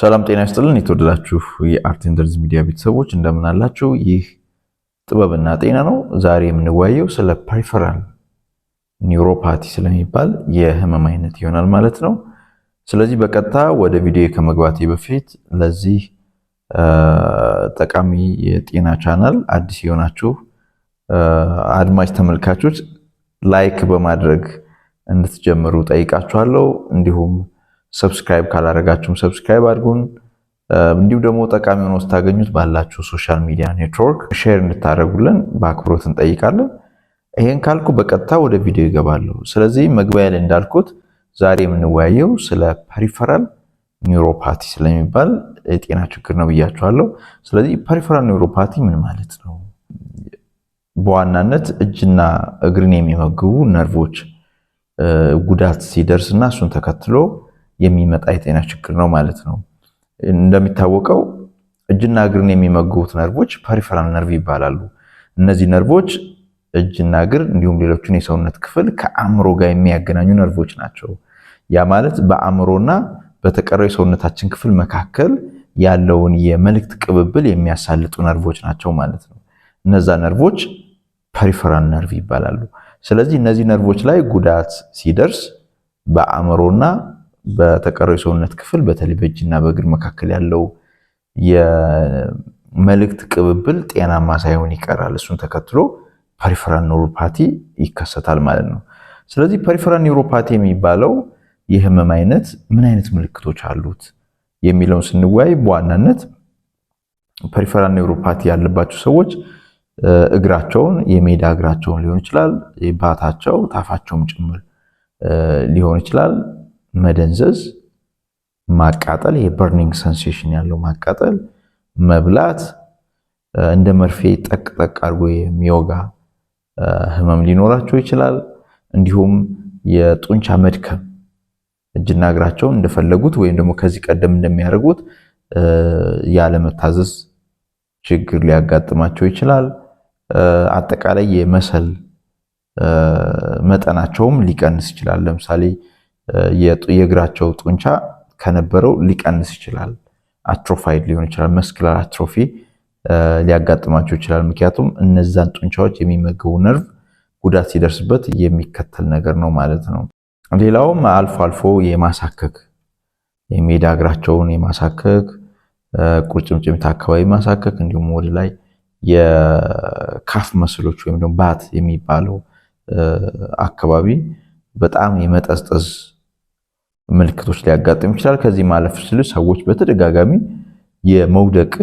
ሰላም ጤና ይስጥልን። የተወደዳችሁ የአርት ሚዲያ ቤተሰቦች እንደምን አላችሁ? ይህ ጥበብና ጤና ነው። ዛሬ የምንወያየው ስለ ፐሪፈራል ኒውሮፓቲ ስለሚባል የህመም አይነት ይሆናል ማለት ነው። ስለዚህ በቀጥታ ወደ ቪዲዮ ከመግባቴ በፊት ለዚህ ጠቃሚ የጤና ቻናል አዲስ የሆናችሁ አድማጭ ተመልካቾች ላይክ በማድረግ እንድትጀምሩ ጠይቃችኋለሁ። እንዲሁም ሰብስክራይብ ካላደረጋችሁም ሰብስክራይብ አድርጉን። እንዲሁም ደግሞ ጠቃሚ ሆኖ ስታገኙት ባላችሁ ሶሻል ሚዲያ ኔትወርክ ሼር እንድታደረጉልን በአክብሮት እንጠይቃለን። ይሄን ካልኩ በቀጥታ ወደ ቪዲዮ ይገባለሁ። ስለዚህ መግቢያ ላይ እንዳልኩት ዛሬ የምንወያየው ስለ ፐሪፈራል ኒውሮፓቲ ስለሚባል የጤና ችግር ነው ብያችኋለሁ። ስለዚህ ፐሪፈራል ኒውሮፓቲ ምን ማለት ነው? በዋናነት እጅና እግርን የሚመግቡ ነርቮች ጉዳት ሲደርስና እሱን ተከትሎ የሚመጣ የጤና ችግር ነው ማለት ነው። እንደሚታወቀው እጅና እግርን የሚመግቡት ነርቮች ፐሪፈራል ነርቭ ይባላሉ። እነዚህ ነርቮች እጅና እግር እንዲሁም ሌሎችን የሰውነት ክፍል ከአእምሮ ጋር የሚያገናኙ ነርቮች ናቸው። ያ ማለት በአእምሮና በተቀረው የሰውነታችን ክፍል መካከል ያለውን የመልእክት ቅብብል የሚያሳልጡ ነርቮች ናቸው ማለት ነው። እነዛ ነርቮች ፐሪፈራል ነርቭ ይባላሉ። ስለዚህ እነዚህ ነርቮች ላይ ጉዳት ሲደርስ በአእምሮና በተቀረው የሰውነት ክፍል በተለይ በእጅና በእግር መካከል ያለው የመልእክት ቅብብል ጤናማ ሳይሆን ይቀራል። እሱን ተከትሎ ፐሪፈራል ኒውሮፓቲ ይከሰታል ማለት ነው። ስለዚህ ፐሪፈራል ኒውሮፓቲ የሚባለው የህመም አይነት ምን አይነት ምልክቶች አሉት የሚለውን ስንወያይ በዋናነት ፐሪፈራል ኒውሮፓቲ ያለባቸው ሰዎች እግራቸውን የሜዳ እግራቸውን ሊሆን ይችላል፣ ባታቸው፣ ታፋቸውም ጭምር ሊሆን ይችላል መደንዘዝ፣ ማቃጠል፣ የበርኒንግ ሰንሴሽን ያለው ማቃጠል፣ መብላት፣ እንደ መርፌ ጠቅጠቅ አድርጎ የሚወጋ ህመም ሊኖራቸው ይችላል። እንዲሁም የጡንቻ መድከም እጅና እግራቸውን እንደፈለጉት ወይም ደግሞ ከዚህ ቀደም እንደሚያደርጉት ያለመታዘዝ ችግር ሊያጋጥማቸው ይችላል። አጠቃላይ የመሰል መጠናቸውም ሊቀንስ ይችላል። ለምሳሌ የእግራቸው ጡንቻ ከነበረው ሊቀንስ ይችላል። አትሮፋይድ ሊሆን ይችላል። መስክላር አትሮፊ ሊያጋጥማቸው ይችላል። ምክንያቱም እነዛን ጡንቻዎች የሚመግቡ ነርቭ ጉዳት ሲደርስበት የሚከተል ነገር ነው ማለት ነው። ሌላውም አልፎ አልፎ የማሳከክ የሜዳ እግራቸውን የማሳከክ ቁርጭምጭሚት አካባቢ ማሳከክ፣ እንዲሁም ወደ ላይ የካፍ መስሎች ወይም ደግሞ ባት የሚባለው አካባቢ በጣም የመጠዝጠዝ ምልክቶች ሊያጋጥም ይችላል። ከዚህ ማለፍ ሲሉ ሰዎች በተደጋጋሚ የመውደቅ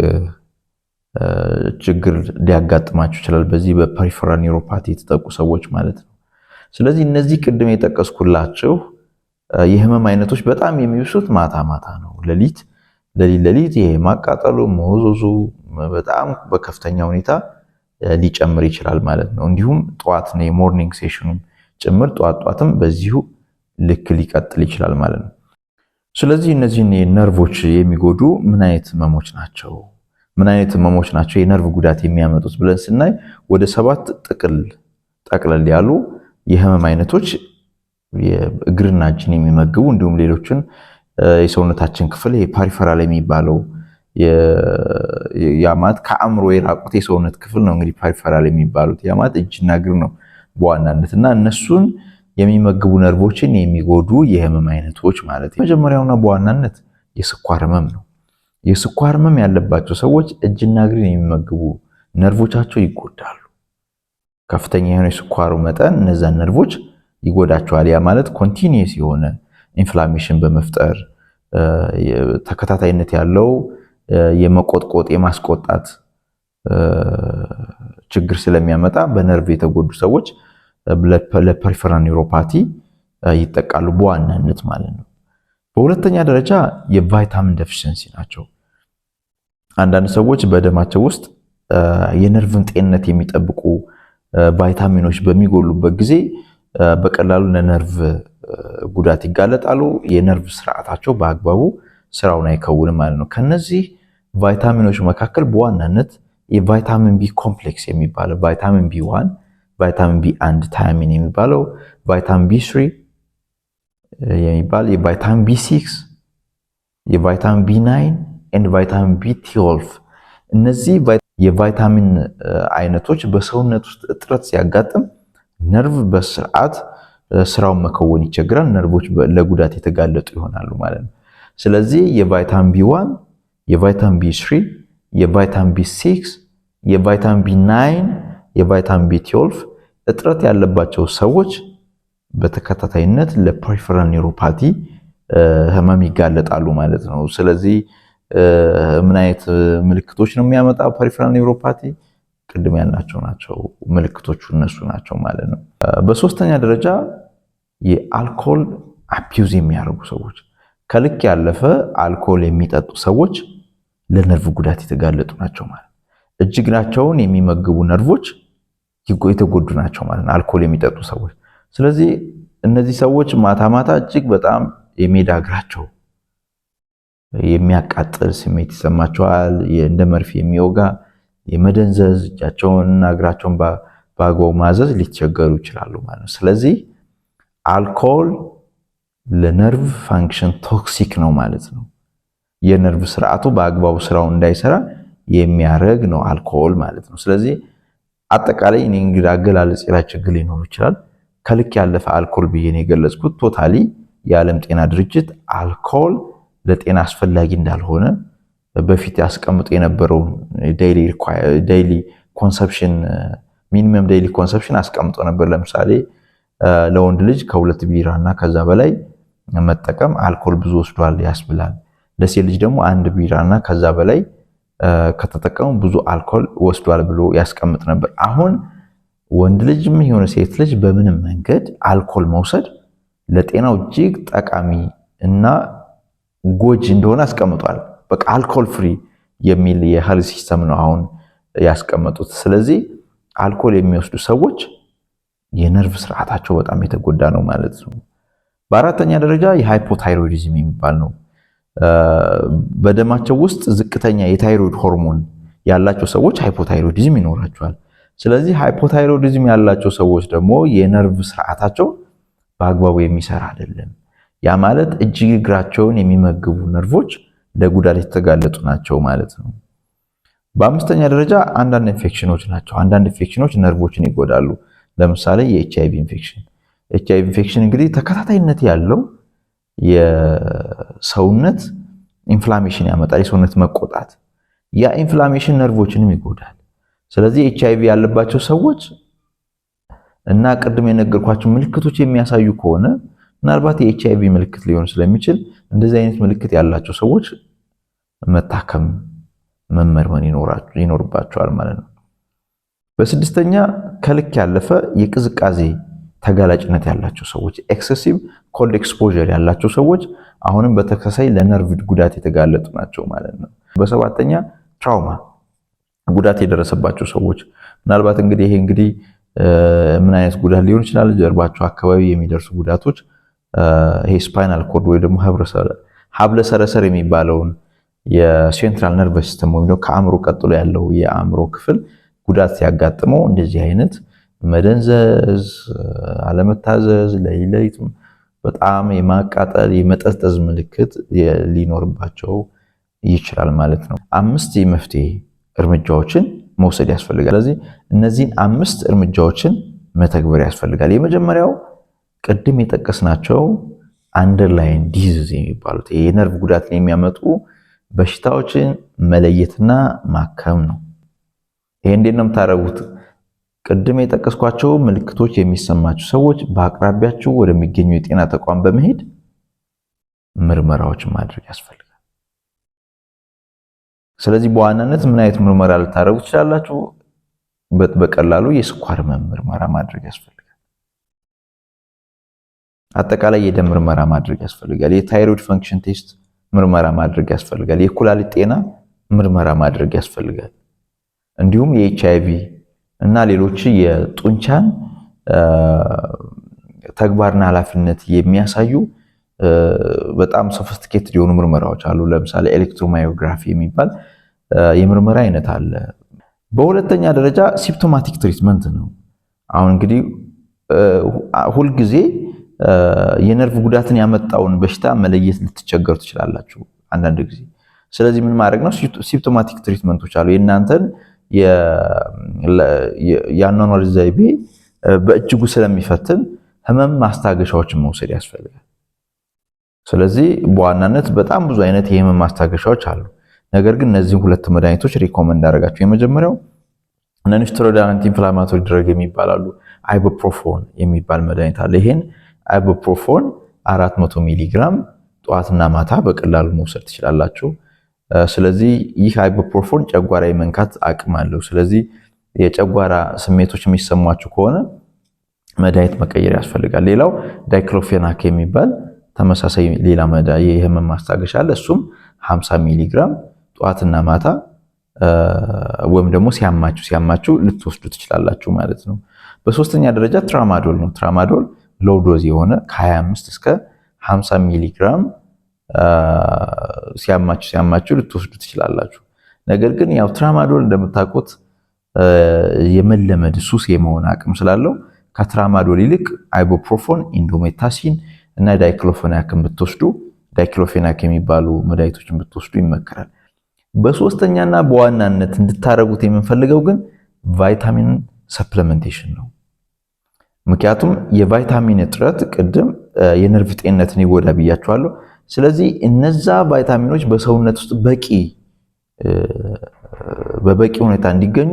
ችግር ሊያጋጥማቸው ይችላል። በዚህ በፐሪፈራል ኒውሮፓቲ የተጠቁ ሰዎች ማለት ነው። ስለዚህ እነዚህ ቅድም የጠቀስኩላቸው የህመም አይነቶች በጣም የሚብሱት ማታ ማታ ነው። ሌሊት ሌሊት ሌሊት ይሄ ማቃጠሉ፣ መወዞዙ በጣም በከፍተኛ ሁኔታ ሊጨምር ይችላል ማለት ነው። እንዲሁም ጠዋት ነው የሞርኒንግ ሴሽኑም ጭምር ጠዋት ጠዋትም በዚሁ ልክ ሊቀጥል ይችላል ማለት ነው። ስለዚህ እነዚህን ነርቮች የሚጎዱ ምን አይነት ህመሞች ናቸው? ምን አይነት ህመሞች ናቸው የነርቭ ጉዳት የሚያመጡት ብለን ስናይ ወደ ሰባት ጥቅል ጠቅለል ያሉ የህመም አይነቶች እግርና እጅን የሚመግቡ እንዲሁም ሌሎችን የሰውነታችን ክፍል ፓሪፈራል የሚባለው ያማት ከአእምሮ የራቁት የሰውነት ክፍል ነው። እንግዲህ ፓሪፈራል የሚባሉት ያማት እጅና እግር ነው በዋናነት እና እነሱን የሚመግቡ ነርቮችን የሚጎዱ የህመም አይነቶች ማለት ነው። መጀመሪያውና በዋናነት የስኳር ህመም ነው። የስኳር ህመም ያለባቸው ሰዎች እጅና እግርን የሚመግቡ ነርቮቻቸው ይጎዳሉ። ከፍተኛ የሆነ የስኳሩ መጠን እነዛን ነርቮች ይጎዳቸዋል። ያ ማለት ኮንቲኒየስ የሆነ ኢንፍላሜሽን በመፍጠር ተከታታይነት ያለው የመቆጥቆጥ የማስቆጣት ችግር ስለሚያመጣ በነርቭ የተጎዱ ሰዎች ለፐሪፈራል ኒውሮፓቲ ይጠቃሉ በዋናነት ማለት ነው። በሁለተኛ ደረጃ የቫይታሚን ደፊሽንሲ ናቸው። አንዳንድ ሰዎች በደማቸው ውስጥ የነርቭን ጤንነት የሚጠብቁ ቫይታሚኖች በሚጎሉበት ጊዜ በቀላሉ ለነርቭ ጉዳት ይጋለጣሉ። የነርቭ ስርዓታቸው በአግባቡ ስራውን አይከውንም ማለት ነው። ከነዚህ ቫይታሚኖች መካከል በዋናነት የቫይታሚን ቢ ኮምፕሌክስ የሚባለው ቫይታሚን ቢ ዋን ቫይታሚን ቢ አንድ ታያሚን የሚባለው ቫይታሚን ቢ ስሪ የሚባል የቫይታሚን ቢ ሲክስ የቫይታሚን ቢ ናይን ኤንድ ቫይታሚን ቢ ትዌልቭ እነዚህ የቫይታሚን አይነቶች በሰውነት ውስጥ እጥረት ሲያጋጥም ነርቭ በስርዓት ስራውን መከወን ይቸግራል። ነርቮች ለጉዳት የተጋለጡ ይሆናሉ ማለት ነው። ስለዚህ የቫይታሚን ቢ ዋን፣ የቫይታሚን ቢ ስሪ፣ የቫይታሚን ቢ ሲክስ፣ የቫይታሚን ቢ ናይን የቫይታሚን ቢ12 እጥረት ያለባቸው ሰዎች በተከታታይነት ለፐሪፈራል ኒውሮፓቲ ህመም ይጋለጣሉ ማለት ነው። ስለዚህ ምን አይነት ምልክቶች ነው የሚያመጣ ፐሪፈራል ኒውሮፓቲ? ቅድም ያልናቸው ናቸው ምልክቶቹ እነሱ ናቸው ማለት ነው። በሶስተኛ ደረጃ የአልኮል አቢዩዝ የሚያደርጉ ሰዎች፣ ከልክ ያለፈ አልኮል የሚጠጡ ሰዎች ለነርቭ ጉዳት የተጋለጡ ናቸው ማለት እጅግ ናቸውን የሚመግቡ ነርቮች የተጎዱ ናቸው ማለት ነው፣ አልኮል የሚጠጡ ሰዎች። ስለዚህ እነዚህ ሰዎች ማታ ማታ እጅግ በጣም የሜዳ እግራቸው የሚያቃጥል ስሜት ይሰማቸዋል፣ እንደ መርፌ የሚወጋ የመደንዘዝ፣ እጃቸውንና እግራቸውን በአግባቡ ማዘዝ ሊቸገሩ ይችላሉ ማለት ነው። ስለዚህ አልኮል ለነርቭ ፋንክሽን ቶክሲክ ነው ማለት ነው። የነርቭ ስርዓቱ በአግባቡ ስራው እንዳይሰራ የሚያደርግ ነው አልኮል ማለት ነው። ስለዚህ አጠቃላይ እኔ እንግዲህ አገላለጽ ላይ ችግር ሊኖር ይችላል። ከልክ ያለፈ አልኮል ብዬ ነው የገለጽኩት። ቶታሊ የዓለም ጤና ድርጅት አልኮል ለጤና አስፈላጊ እንዳልሆነ በፊት ያስቀምጡ የነበረውን ዴይሊ ኮንሰፕሽን ሚኒመም ዴይሊ ኮንሰፕሽን አስቀምጦ ነበር። ለምሳሌ ለወንድ ልጅ ከሁለት ቢራ እና ከዛ በላይ መጠቀም አልኮል ብዙ ወስዷል ያስብላል። ለሴት ልጅ ደግሞ አንድ ቢራ እና ከዛ በላይ ከተጠቀሙ ብዙ አልኮል ወስዷል ብሎ ያስቀምጥ ነበር። አሁን ወንድ ልጅም የሆነ ሴት ልጅ በምንም መንገድ አልኮል መውሰድ ለጤናው እጅግ ጠቃሚ እና ጎጂ እንደሆነ አስቀምጧል። በቃ አልኮል ፍሪ የሚል የህል ሲስተም ነው አሁን ያስቀመጡት። ስለዚህ አልኮል የሚወስዱ ሰዎች የነርቭ ስርዓታቸው በጣም የተጎዳ ነው ማለት ነው። በአራተኛ ደረጃ የሃይፖታይሮይዲዝም የሚባል ነው። በደማቸው ውስጥ ዝቅተኛ የታይሮይድ ሆርሞን ያላቸው ሰዎች ሃይፖታይሮይዲዝም ይኖራቸዋል። ስለዚህ ሃይፖታይሮይዲዝም ያላቸው ሰዎች ደግሞ የነርቭ ስርዓታቸው በአግባቡ የሚሰራ አይደለም። ያ ማለት እጅግ እግራቸውን የሚመግቡ ነርቮች ለጉዳት የተጋለጡ ናቸው ማለት ነው። በአምስተኛ ደረጃ አንዳንድ ኢንፌክሽኖች ናቸው። አንዳንድ ኢንፌክሽኖች ነርቮችን ይጎዳሉ። ለምሳሌ የኤችአይቪ ኢንፌክሽን። ኤችአይቪ ኢንፌክሽን እንግዲህ ተከታታይነት ያለው የሰውነት ኢንፍላሜሽን ያመጣል፣ የሰውነት መቆጣት። ያ ኢንፍላሜሽን ነርቮችንም ይጎዳል። ስለዚህ ኤች አይቪ ያለባቸው ሰዎች እና ቅድም የነገርኳቸው ምልክቶች የሚያሳዩ ከሆነ ምናልባት የኤች አይቪ ምልክት ሊሆን ስለሚችል እንደዚህ አይነት ምልክት ያላቸው ሰዎች መታከም መመርመን ይኖርባቸዋል ማለት ነው። በስድስተኛ ከልክ ያለፈ የቅዝቃዜ ተጋላጭነት ያላቸው ሰዎች ኤክሰሲቭ ኮልድ ኤክስፖዠር ያላቸው ሰዎች አሁንም በተከሳይ ለነርቭ ጉዳት የተጋለጡ ናቸው ማለት ነው። በሰባተኛ ትራውማ ጉዳት የደረሰባቸው ሰዎች ምናልባት እንግዲህ ይሄ እንግዲህ ምን አይነት ጉዳት ሊሆን ይችላል? ጀርባቸው አካባቢ የሚደርሱ ጉዳቶች ይሄ ስፓይናል ኮርድ ወይ ደግሞ ሀብለ ሰረሰር የሚባለውን የሴንትራል ነርቭ ሲስተም ወይም ከአእምሮ ቀጥሎ ያለው የአእምሮ ክፍል ጉዳት ሲያጋጥመው እንደዚህ አይነት መደንዘዝ፣ አለመታዘዝ፣ ለይለይት በጣም የማቃጠል የመጠዝጠዝ ምልክት ሊኖርባቸው ይችላል ማለት ነው። አምስት የመፍትሄ እርምጃዎችን መውሰድ ያስፈልጋል። ስለዚህ እነዚህን አምስት እርምጃዎችን መተግበር ያስፈልጋል። የመጀመሪያው ቅድም የጠቀስናቸው አንደርላይን ዲዝዝ የሚባሉት የነርቭ ጉዳትን የሚያመጡ በሽታዎችን መለየትና ማከም ነው። ይሄ እንዴት ነው የምታደርጉት? ቅድም የጠቀስኳቸው ምልክቶች የሚሰማችሁ ሰዎች በአቅራቢያችሁ ወደሚገኙ የጤና ተቋም በመሄድ ምርመራዎችን ማድረግ ያስፈልጋል። ስለዚህ በዋናነት ምን አይነት ምርመራ ልታደርጉ ትችላላችሁ? በቀላሉ የስኳር ህመም ምርመራ ማድረግ ያስፈልጋል። አጠቃላይ የደም ምርመራ ማድረግ ያስፈልጋል። የታይሮይድ ፈንክሽን ቴስት ምርመራ ማድረግ ያስፈልጋል። የኩላሊት ጤና ምርመራ ማድረግ ያስፈልጋል። እንዲሁም የኤች አይ ቪ እና ሌሎች የጡንቻን ተግባርና ኃላፊነት የሚያሳዩ በጣም ሶፊስቲኬትድ የሆኑ ምርመራዎች አሉ። ለምሳሌ ኤሌክትሮማዮግራፊ የሚባል የምርመራ አይነት አለ። በሁለተኛ ደረጃ ሲፕቶማቲክ ትሪትመንት ነው። አሁን እንግዲህ ሁልጊዜ የነርቭ ጉዳትን ያመጣውን በሽታ መለየት ልትቸገሩ ትችላላችሁ አንዳንድ ጊዜ። ስለዚህ ምን ማድረግ ነው? ሲፕቶማቲክ ትሪትመንቶች አሉ የእናንተን የአኗኗር ዘይቤ በእጅጉ ስለሚፈትን ህመም ማስታገሻዎችን መውሰድ ያስፈልጋል። ስለዚህ በዋናነት በጣም ብዙ አይነት የህመም ማስታገሻዎች አሉ። ነገር ግን እነዚህ ሁለት መድኃኒቶች ሪኮመንድ አደረጋቸው። የመጀመሪያው ነንስቴሮይድ አንቲ ኢንፍላማቶሪ ድረግ የሚባላሉ አይቦፕሮፎን የሚባል መድኃኒት አለ። ይሄን አይቦፕሮፎን አራት ሚሊግራም ጠዋትና ማታ በቀላሉ መውሰድ ትችላላችሁ። ስለዚህ ይህ አይቦፕሮፎን ጨጓራ የመንካት አቅም አለው። ስለዚህ የጨጓራ ስሜቶች የሚሰሟችሁ ከሆነ መድኃኒት መቀየር ያስፈልጋል። ሌላው ዳይክሎፌናክ የሚባል ተመሳሳይ ሌላ መዳ የህመም ማስታገሻ አለ። እሱም 50 ሚሊግራም ጠዋትና ማታ ወይም ደግሞ ሲያማችሁ ሲያማችሁ ልትወስዱ ትችላላችሁ ማለት ነው። በሶስተኛ ደረጃ ትራማዶል ነው። ትራማዶል ሎው ዶዝ የሆነ ከ25 እስከ 50 ሚሊግራም ሲያማችሁ ሲያማችሁ ልትወስዱ ትችላላችሁ። ነገር ግን ያው ትራማዶል እንደምታውቁት የመለመድ ሱስ የመሆን አቅም ስላለው ከትራማዶል ይልቅ አይቦፕሮፎን፣ ኢንዶሜታሲን እና ዳይክሎፌናክን ብትወስዱ ዳይክሎፌናክ የሚባሉ መድኃኒቶችን ብትወስዱ ይመከራል። በሶስተኛና በዋናነት እንድታደረጉት የምንፈልገው ግን ቫይታሚን ሰፕሊመንቴሽን ነው። ምክንያቱም የቫይታሚን እጥረት ቅድም የነርቭ ጤንነትን ይጎዳ ብያቸዋለሁ። ስለዚህ እነዛ ቫይታሚኖች በሰውነት ውስጥ በቂ በበቂ ሁኔታ እንዲገኙ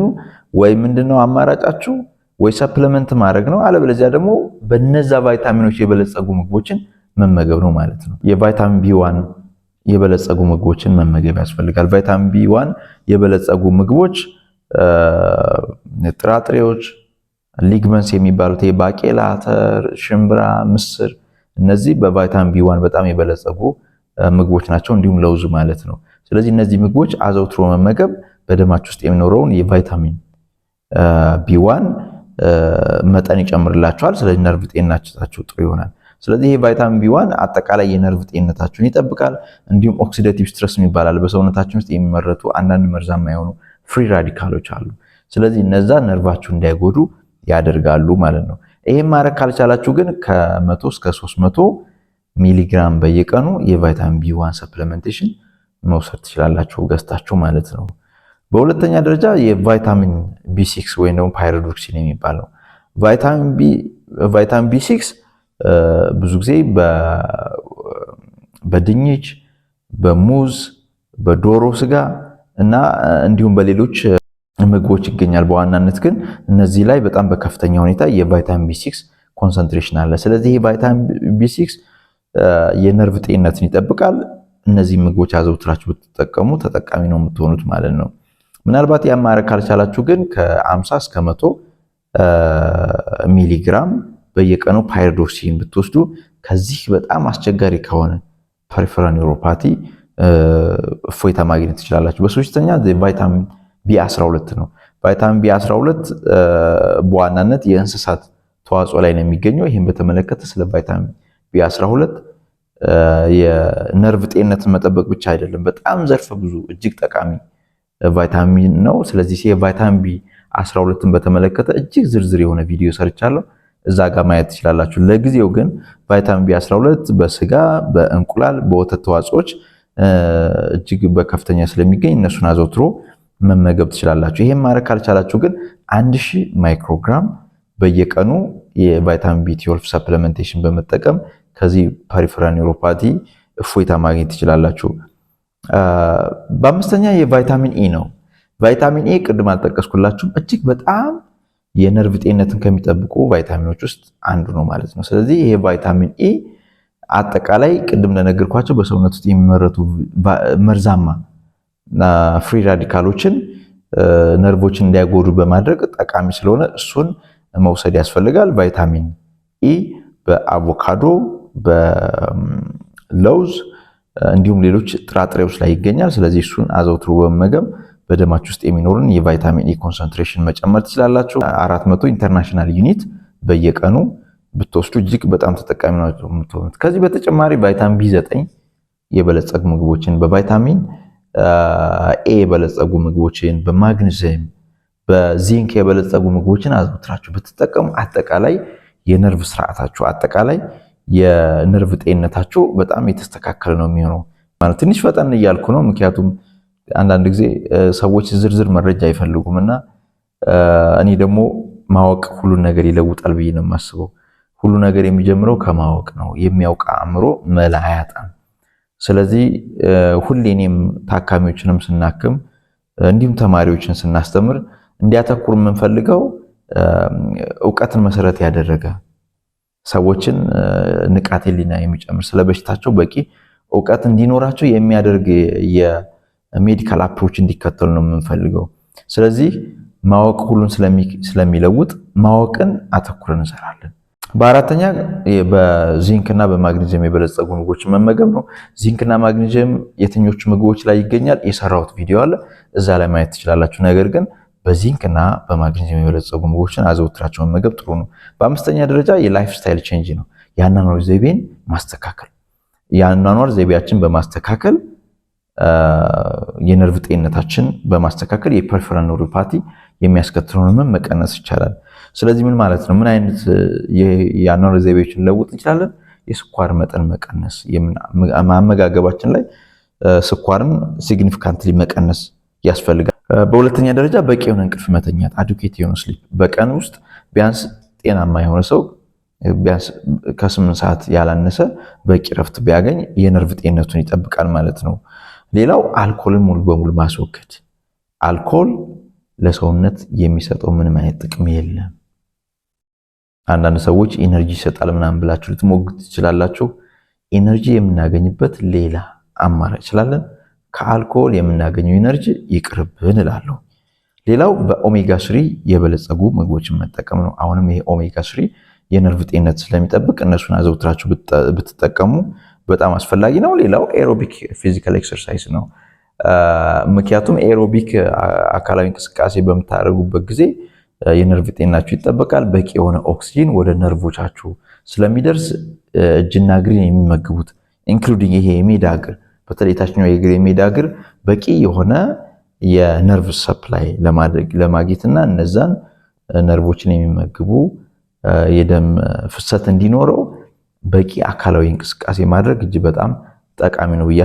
ወይ ምንድነው አማራጫችሁ ወይ ሰፕለመንት ማድረግ ነው፣ አለበለዚያ ደግሞ በነዛ ቫይታሚኖች የበለጸጉ ምግቦችን መመገብ ነው ማለት ነው። የቫይታሚን ቢዋን የበለጸጉ ምግቦችን መመገብ ያስፈልጋል። ቫይታሚን ቢዋን የበለጸጉ ምግቦች ጥራጥሬዎች፣ ሊግመንስ የሚባሉት የባቄላ፣ አተር፣ ሽምብራ፣ ምስር እነዚህ በቫይታሚን ቢዋን በጣም የበለጸጉ ምግቦች ናቸው፣ እንዲሁም ለውዙ ማለት ነው። ስለዚህ እነዚህ ምግቦች አዘውትሮ መመገብ በደማች ውስጥ የሚኖረውን የቫይታሚን ቢዋን መጠን ይጨምርላቸዋል። ስለዚህ ነርቭ ጤንነታችሁ ጥሩ ይሆናል። ስለዚህ ይሄ ቫይታሚን ቢዋን አጠቃላይ የነርቭ ጤንነታችሁን ይጠብቃል። እንዲሁም ኦክሲደቲቭ ስትረስ ይባላል። በሰውነታችን ውስጥ የሚመረቱ አንዳንድ መርዛማ የሆኑ ፍሪ ራዲካሎች አሉ። ስለዚህ እነዛ ነርቫችሁ እንዳይጎዱ ያደርጋሉ ማለት ነው። ይህም ማድረግ ካልቻላችሁ ግን ከ100 እስከ 300 ሚሊግራም በየቀኑ የቫይታሚን ቢ1 ሰፕሊመንቴሽን መውሰድ ትችላላችሁ ገዝታችሁ ማለት ነው። በሁለተኛ ደረጃ የቫይታሚን ቢ6 ወይም ደግሞ ፓይሮዶክሲን የሚባለው ቫይታሚን ቢ6 ብዙ ጊዜ በድንች፣ በሙዝ፣ በዶሮ ስጋ እና እንዲሁም በሌሎች ምግቦች ይገኛል። በዋናነት ግን እነዚህ ላይ በጣም በከፍተኛ ሁኔታ የቫይታሚን ቢ6 ኮንሰንትሬሽን አለ። ስለዚህ ይህ ቫይታሚን ቢ6 የነርቭ ጤንነትን ይጠብቃል። እነዚህ ምግቦች አዘውትራችሁ ብትጠቀሙ ተጠቃሚ ነው የምትሆኑት ማለት ነው። ምናልባት ያማረግ ካልቻላችሁ ግን ከ50 እስከ 100 ሚሊግራም በየቀኑ ፓይሮዶክሲን ብትወስዱ ከዚህ በጣም አስቸጋሪ ከሆነ ፐሪፈራል ኒውሮፓቲ እፎይታ ማግኘት ትችላላችሁ። በሶስተኛ ቫይታሚን ቢ12 ነው። ቫይታሚን ቢ12 በዋናነት የእንስሳት ተዋጽኦ ላይ ነው የሚገኘው። ይህም በተመለከተ ስለ ቫይታሚን ቢ12 የነርቭ ጤንነትን መጠበቅ ብቻ አይደለም፣ በጣም ዘርፈ ብዙ እጅግ ጠቃሚ ቫይታሚን ነው። ስለዚህ የቫይታሚን ቢ 12ን በተመለከተ እጅግ ዝርዝር የሆነ ቪዲዮ ሰርቻለሁ፣ እዛ ጋር ማየት ትችላላችሁ። ለጊዜው ግን ቫይታሚን ቢ12 በስጋ በእንቁላል፣ በወተት ተዋጽኦች እጅግ በከፍተኛ ስለሚገኝ እነሱን አዘውትሮ መመገብ ትችላላችሁ። ይሄን ማድረግ ካልቻላችሁ ግን አንድ ሺህ ማይክሮግራም በየቀኑ የቫይታሚን ቢ12 ሰፕሊመንቴሽን በመጠቀም ከዚህ ፐሪፈራል ኒውሮፓቲ እፎይታ ማግኘት ትችላላችሁ። በአምስተኛ የቫይታሚን ኢ ነው። ቫይታሚን ኤ ቅድም አልጠቀስኩላችሁም እጅግ በጣም የነርቭ ጤንነትን ከሚጠብቁ ቫይታሚኖች ውስጥ አንዱ ነው ማለት ነው። ስለዚህ ይሄ ቫይታሚን ኤ አጠቃላይ ቅድም ለነገርኳቸው በሰውነት ውስጥ የሚመረቱ መርዛማ እና ፍሪ ራዲካሎችን ነርቮችን እንዳይጎዱ በማድረግ ጠቃሚ ስለሆነ እሱን መውሰድ ያስፈልጋል። ቫይታሚን ኢ በአቮካዶ በለውዝ እንዲሁም ሌሎች ጥራጥሬዎች ላይ ይገኛል። ስለዚህ እሱን አዘውትሮ በመመገብ በደማች ውስጥ የሚኖርን የቫይታሚን ኢ ኮንሰንትሬሽን መጨመር ትችላላችሁ። አራት መቶ ኢንተርናሽናል ዩኒት በየቀኑ ብትወስዱ እጅግ በጣም ተጠቃሚ ናቸው የምትሆኑት። ከዚህ በተጨማሪ ቫይታሚን ቢ ዘጠኝ የበለጸግ ምግቦችን በቫይታሚን ኤ የበለጸጉ ምግቦችን በማግኒዚየም በዚንክ የበለጸጉ ምግቦችን አዘውትራችሁ ብትጠቀሙ አጠቃላይ የነርቭ ስርዓታችሁ አጠቃላይ የነርቭ ጤንነታችሁ በጣም የተስተካከለ ነው የሚሆነው። ማለት ትንሽ ፈጠን እያልኩ ነው፣ ምክንያቱም አንዳንድ ጊዜ ሰዎች ዝርዝር መረጃ አይፈልጉም እና እኔ ደግሞ ማወቅ ሁሉን ነገር ይለውጣል ብዬ ነው የማስበው። ሁሉ ነገር የሚጀምረው ከማወቅ ነው። የሚያውቅ አእምሮ መላ አያጣም። ስለዚህ ሁሌ እኔም ታካሚዎችንም ስናክም እንዲሁም ተማሪዎችን ስናስተምር እንዲያተኩር የምንፈልገው እውቀትን መሰረት ያደረገ ሰዎችን ንቃተ ሕሊና የሚጨምር ስለ በሽታቸው በቂ እውቀት እንዲኖራቸው የሚያደርግ የሜዲካል አፕሮች እንዲከተሉ ነው የምንፈልገው። ስለዚህ ማወቅ ሁሉን ስለሚለውጥ ማወቅን አተኩረን እንሰራለን። በአራተኛ በዚንክና በማግኒዚየም የበለጸጉ ምግቦች መመገብ ነው። ዚንክና ማግኒዚየም የትኞቹ ምግቦች ላይ ይገኛል? የሰራሁት ቪዲዮ አለ እዛ ላይ ማየት ትችላላችሁ። ነገር ግን በዚንክና በማግኒዚየም የበለጸጉ ምግቦችን አዘውትራቸው መመገብ ጥሩ ነው። በአምስተኛ ደረጃ የላይፍ ስታይል ቼንጅ ነው፣ የአኗኗር ዘይቤን ማስተካከል። የአኗኗር ዘይቤያችን በማስተካከል የነርቭ ጤንነታችን በማስተካከል የፐሪፈራል ኒውሮፓቲ የሚያስከትለውን ህመም መቀነስ ይቻላል። ስለዚህ ምን ማለት ነው? ምን አይነት የአኗኗር ዘይቤዎችን ለውጥ እንችላለን? የስኳር መጠን መቀነስ፣ አመጋገባችን ላይ ስኳርን ሲግኒፊካንትሊ መቀነስ ያስፈልጋል። በሁለተኛ ደረጃ በቂ የሆነ እንቅልፍ መተኛት፣ አዱኬት የሆነ ስሊፕ። በቀን ውስጥ ቢያንስ ጤናማ የሆነ ሰው ቢያንስ ከስምንት ሰዓት ያላነሰ በቂ ረፍት ቢያገኝ የነርቭ ጤንነቱን ይጠብቃል ማለት ነው። ሌላው አልኮልን ሙሉ በሙሉ ማስወገድ። አልኮል ለሰውነት የሚሰጠው ምንም አይነት ጥቅም የለም። አንዳንድ ሰዎች ኢነርጂ ይሰጣል ምናምን ብላችሁ ልትሞግ ትችላላችሁ። ኢነርጂ የምናገኝበት ሌላ አማራጭ ስላለን ከአልኮል የምናገኘው ኢነርጂ ይቅርብን እላለሁ። ሌላው በኦሜጋ ስሪ የበለጸጉ ምግቦችን መጠቀም ነው። አሁንም ይሄ ኦሜጋ ስሪ የነርቭ ጤንነት ስለሚጠብቅ እነሱን አዘውትራችሁ ብትጠቀሙ በጣም አስፈላጊ ነው። ሌላው ኤሮቢክ ፊዚካል ኤክሰርሳይዝ ነው። ምክንያቱም ኤሮቢክ አካላዊ እንቅስቃሴ በምታደርጉበት ጊዜ የነርቭ ጤናችሁ ይጠበቃል። በቂ የሆነ ኦክሲጂን ወደ ነርቮቻችሁ ስለሚደርስ እጅና እግርን የሚመግቡት ኢንክሉዲንግ ይሄ የሜዳ እግር በተለይ የታችኛው የእግር የሜዳ እግር በቂ የሆነ የነርቭ ሰፕላይ ለማግኘት እና እነዛን ነርቮችን የሚመግቡ የደም ፍሰት እንዲኖረው በቂ አካላዊ እንቅስቃሴ ማድረግ እጅ በጣም ጠቃሚ ነው ብያ